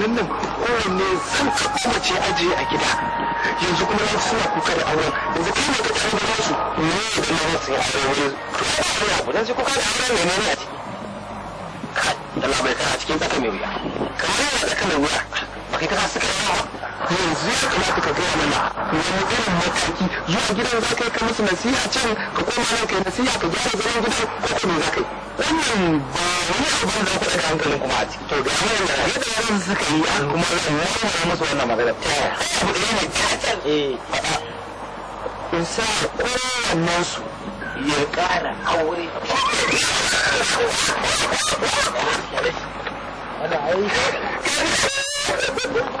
mutanen nan kowanne sun taɓa ce aji a gida yanzu kuma yanzu suna kuka da auren yanzu kai ne ka tare da wasu ne ya kuma su yi aure wuri to ka aure abu dan sai kuka da auren ne ne ne a ciki da labarai kana cikin tsaka mai wuya kamar yana tsaka mai wuya ba kai ta suka yi ba yanzu ya kamata ka gaya mana wani irin mataki zuwa gidan za ka yi ka musu nasiha can ka koma nan ka yi nasiha ka gyara zaman gidan ko kuma za ka yi wannan ba wani abu da kuɗa da hankali kuma a ciki to ga wannan da yadda yaran suka yi an kuma zan yi musu wannan magana ta yaya abu da yana kacal eh. faɗa in sa kowannen su ya ƙara aure Thank you.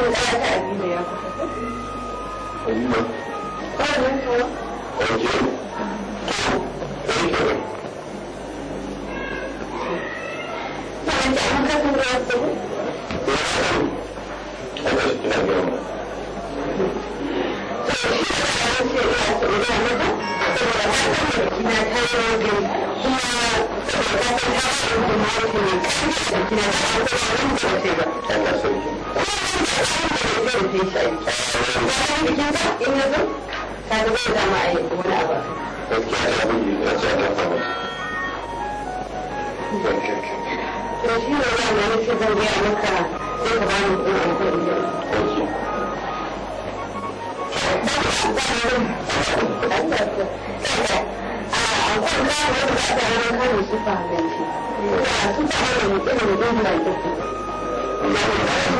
kuma da ta abina ya kusa. Abina? Ba ne zan fi Thank you.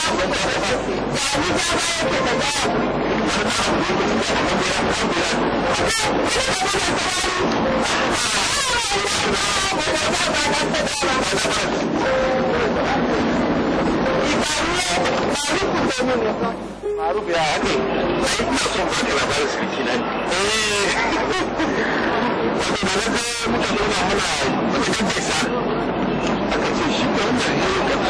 Maruf ya haɗe, sai son ba da labarin sarki na ne. Eh. wato da na ga muka mana aka ce shi ga wannan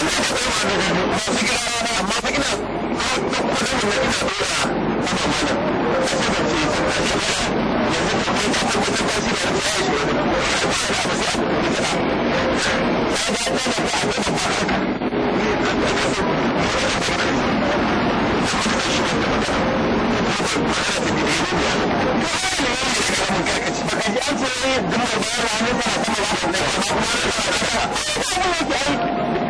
ina na Thank you.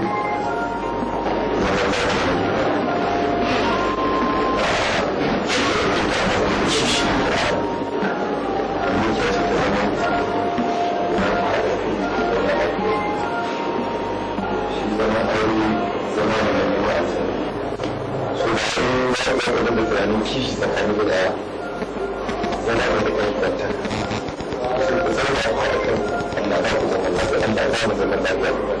tunanin kishi tsakanin guda yana da da kai kwanta zama da kwa kan za ku zama lafiya Allah za mu zama lafiya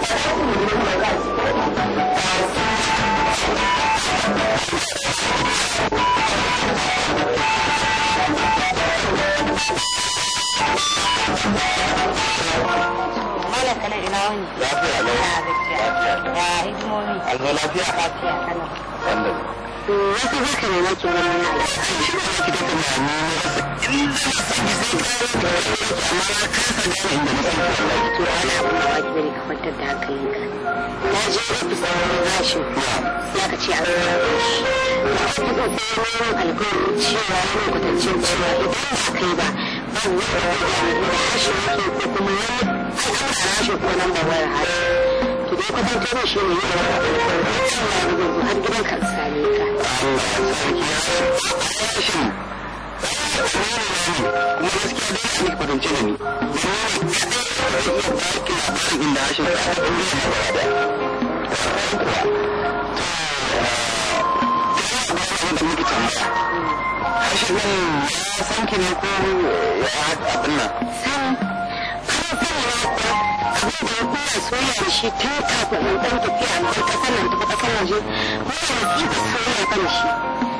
lafiya lafiya ya hikimomi alzo lafiya lafiya kana wasu za ka nema ki wani na to ana abin da baki bane na a wani gashin ya ka ce an rarraba shi na ba ba ba da hashin ko kuma wani sai an hashin ko nan da ki dai kudin kare shi ne yau har gidan ka same ka kuma da ne da inda hashin da ko ya abin nan fara soyayya da shi tun kafin in ɗan tafiya na wata ƙasar nan tafi ƙasar waje muna da tsibar soyayya kan shi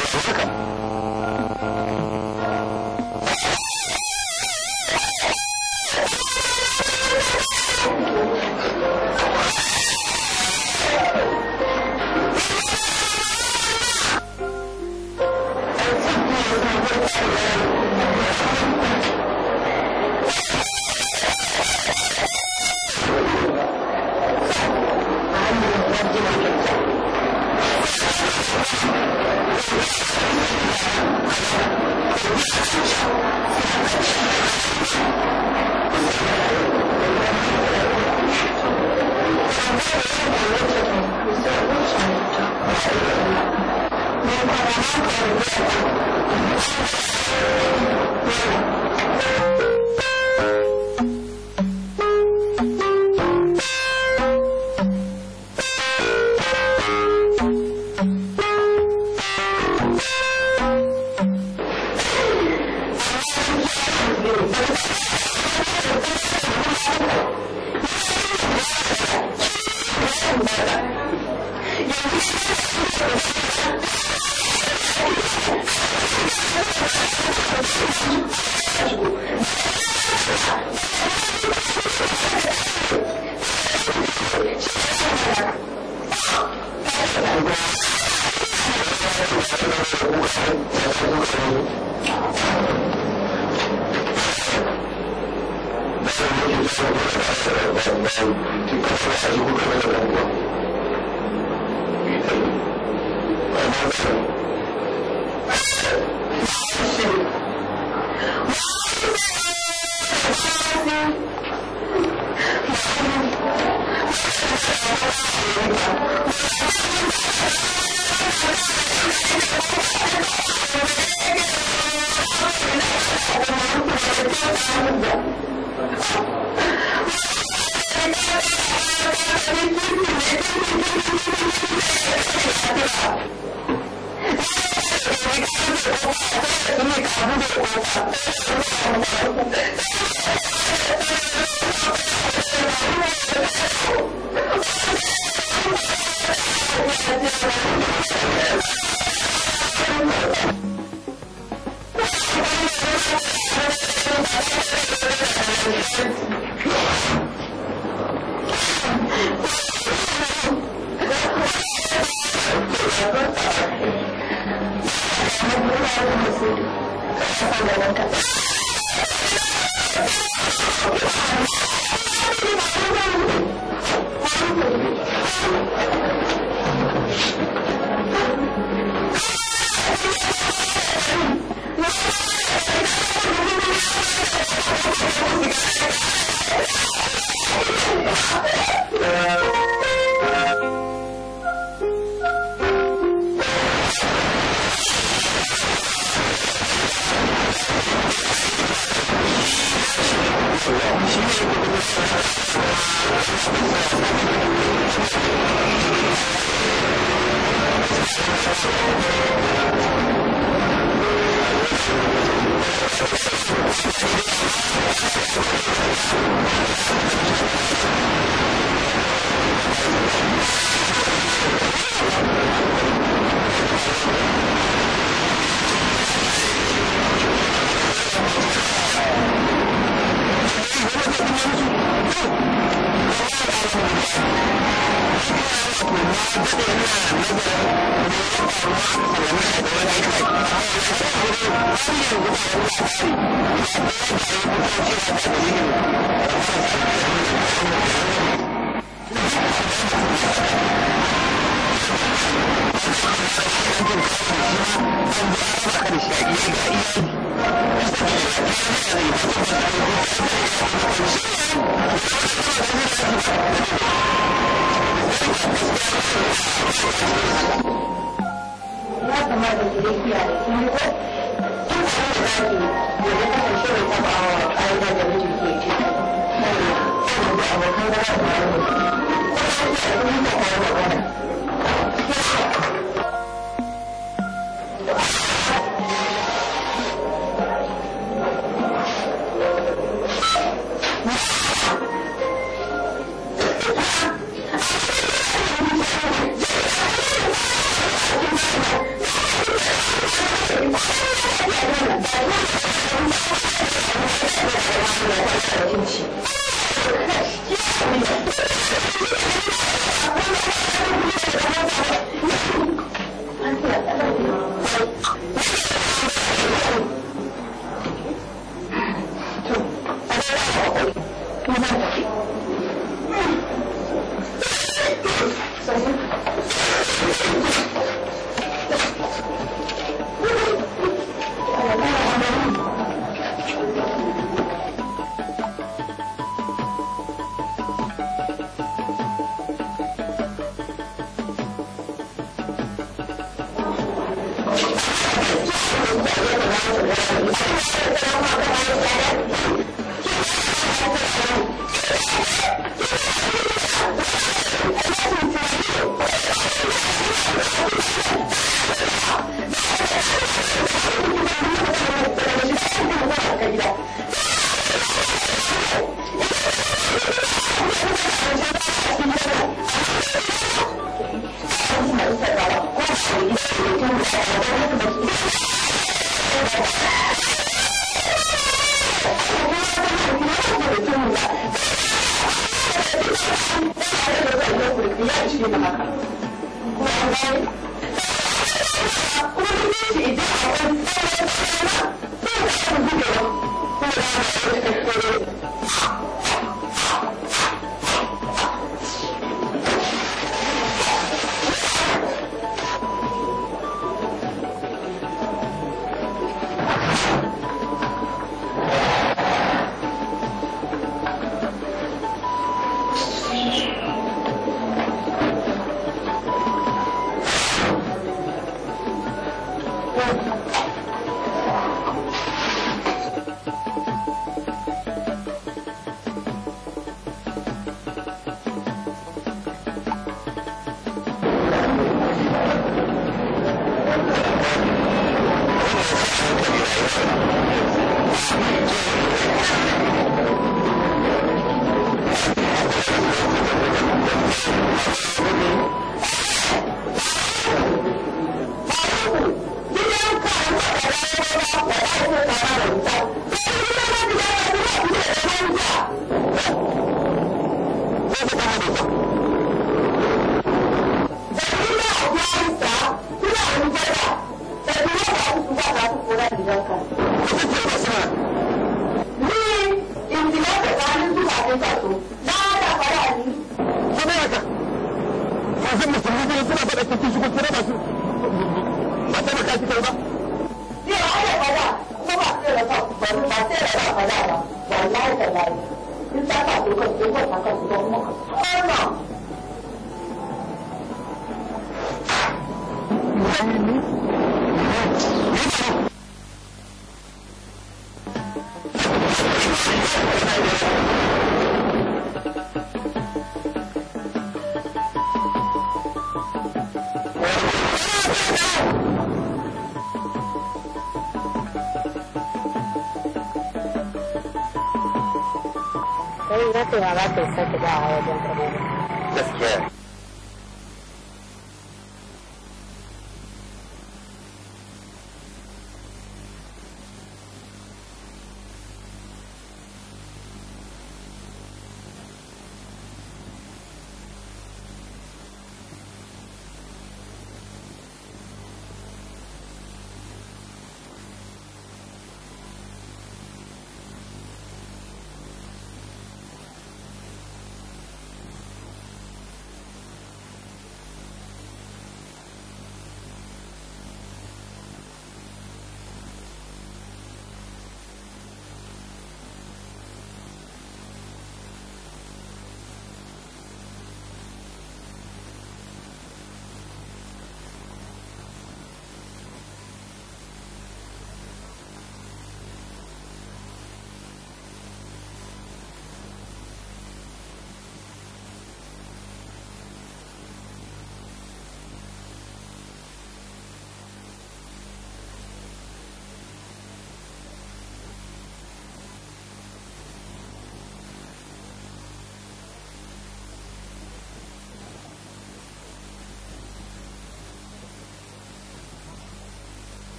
Thank you. Gracias.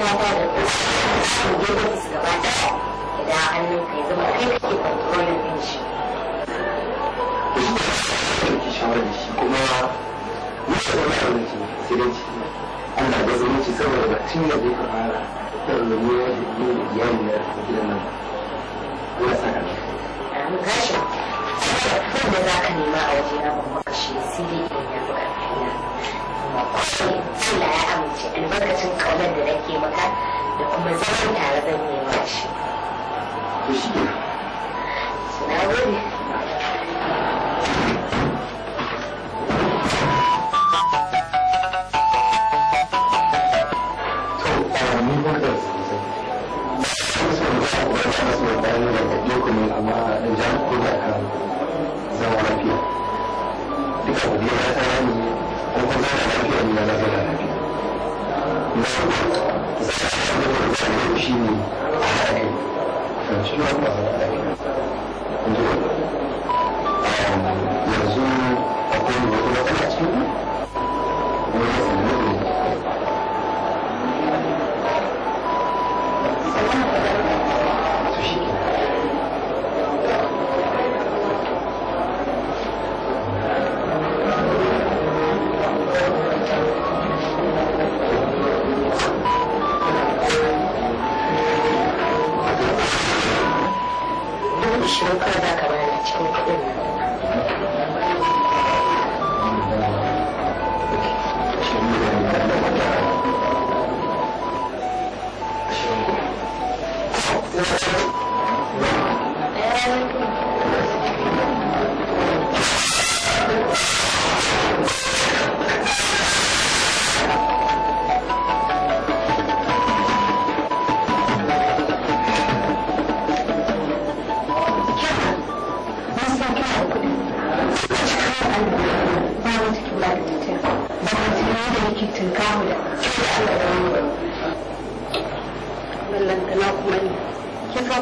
ƴaƴa da su gaba su gaba ɗaya idan hannun ka ya zama kai kake kontrolin ɗin shi. Ki a da shi kuma wasu da ba'a da ke sai da ciki ana da zumunci saboda ba tun da zai fara da rumuni ya da biyu da iyali na da gidan nan. Allah da ka. Gashi, da za ka nema a waje na bambam. sai ya iya maka kaina kuma kawai Allah ya amince albarkacin kaunar da nake maka da kuma zaman tare zan yi ma shi. Na gode. Thank you. na na gada na biyu za a samu wani shi ne a haɗe a cikin wani ba a haɗe yanzu akwai wani wata cikin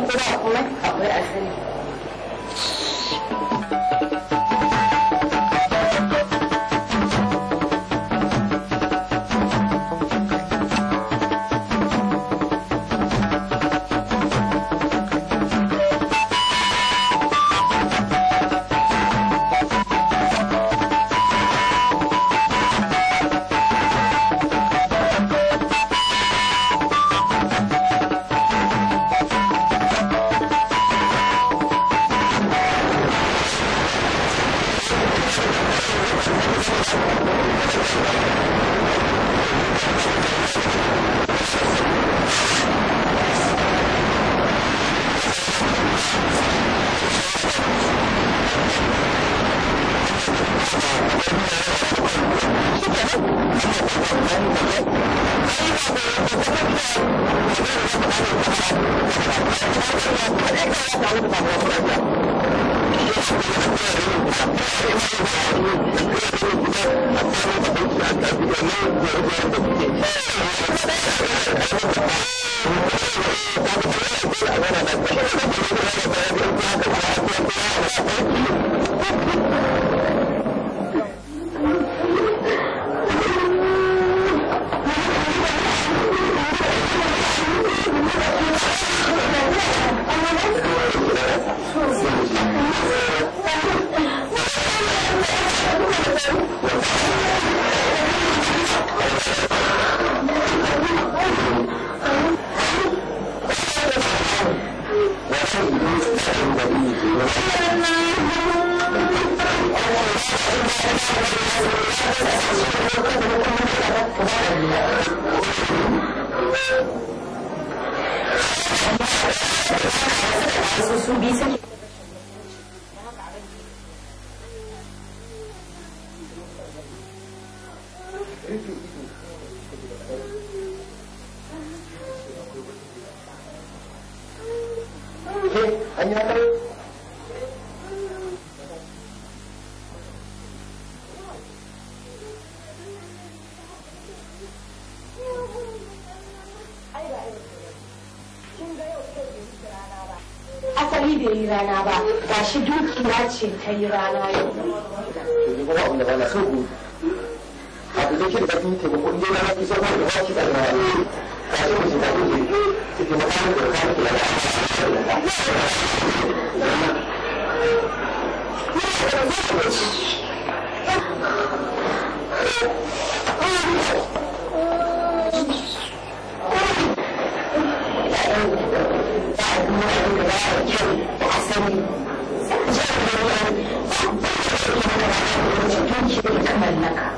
ko ba akwai asali subisse aqui. rana ba ga shi dukiya ce ta yi rana yau. da Thank you. zai zama ba ta da mallaka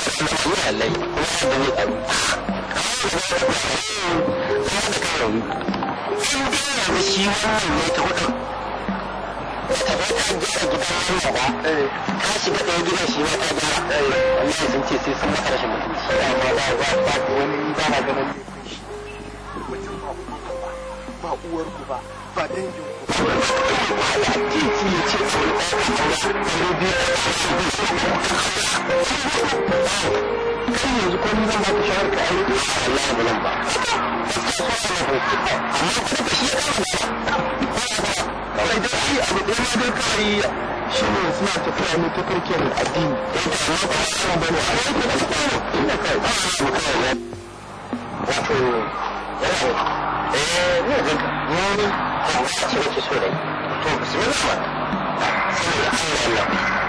lallai da ne ɗaru sun dina da shi wannan ne ta hudu ta bai ta gida gidan nan gaba ta shiga ɗaya gidan shi ma ta gaba wallahi sun ce sai sun maka rashin mutunci ba ba ba ba wani ba na ganin laifin shi mutum ba ku ba ba uwar ku ba ba dangin ku ba ya ce ce ce ce ce ce ce ce ce ce kan yanzu ko ni zan baka shawar ka aiki Allah ba nan ba amma kuma shi ya kawai da shi abu ɗaya ma dai kawai shi ne suna tafiya ne ta farkiyar addini amma ba su san bane a yau ko su kawo inda kai ba su kawai ya wato yawo eh ne zan ka ne ko shi ne so dai to bismillah saboda Allah Allah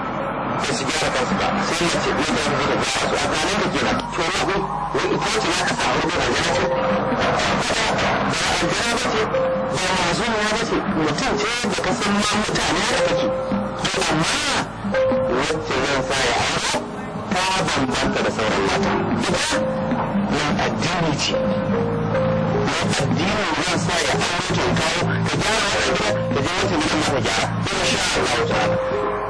ba su gyara kansu ba sai ya ce ne da yanzu da su a tsarin da kenan to na ku wani ita ce za ka samu da rayuwa ce ba aljana ba ce ba masu ya ba ce mutum ce da ka san ma mutane da kake to amma wacce zan sa ya aure ta bambanta da sauran mata ita nan addini ce addini zan sa ya aure ta ka gyara wa ɗaya ka je wata mutum ka gyara. Ina sha Allah ta'ala.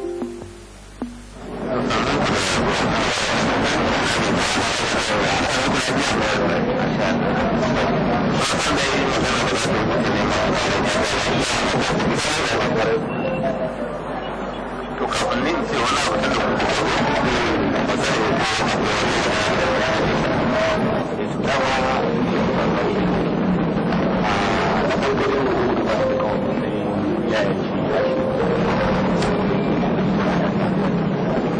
Yeah.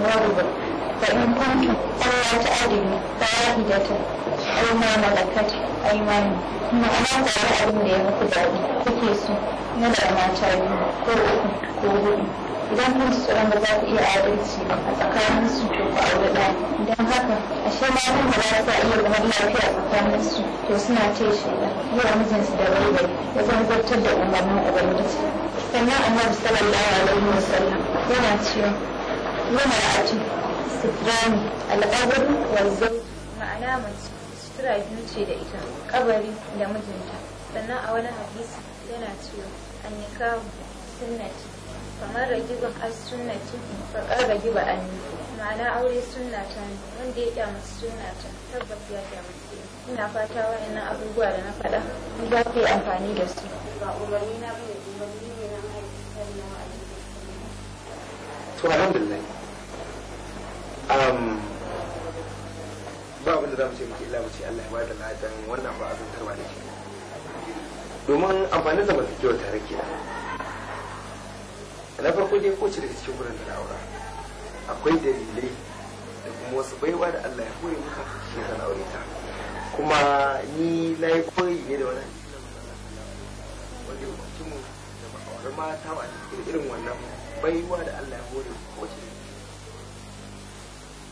وربا فإن كنت ألا تعدل فواحدة أو ما ملكت أيماني ma'ana kwaye abin da ya muku daɗi kuke so na da mata biyu uku ko idan kun ji tsoron ba za ku iya adalci ba a tsakanin su ko ku aure ɗaya idan haka ashe matan ba za su iya zaman lafiya tsakanin su to suna ce shaida yawa mijinsu da baibai ya zan zartar da umarnin ubangiji sannan annabi sallallahu alaihi wasallam yana cewa ومرأة ستران القبر wanzu. ma'ana mace sutura biyu ce da ita kabari da mijinta sannan a wani hadisi yana cewa an yi kawo sunnati kamar ragi ragiban as sunnati faƙar ragiba an ma'ana aure sunnata ne wanda ya kyamata sunnata tabbas ya kyamata ina fata wa'annan abubuwa da na faɗa za ku yi amfani da su ba umarni na bane umarni ne na aiki sallallahu alaihi wasallam to alhamdulillah ba abin da za mu ce muke illa ce Allah ya ba da ladan wannan ba azantarwa ne ke domin amfanin zamantakewa tare ke na farko dai kowace daga cikin wurin da na aura akwai dalilai da kuma wasu baiwa da Allah ya hore muka shi ya aure ta kuma ni na yi koyi ne da wani wanda ya mutum da ma'aurar mata wa irin wannan baiwa da Allah ya hore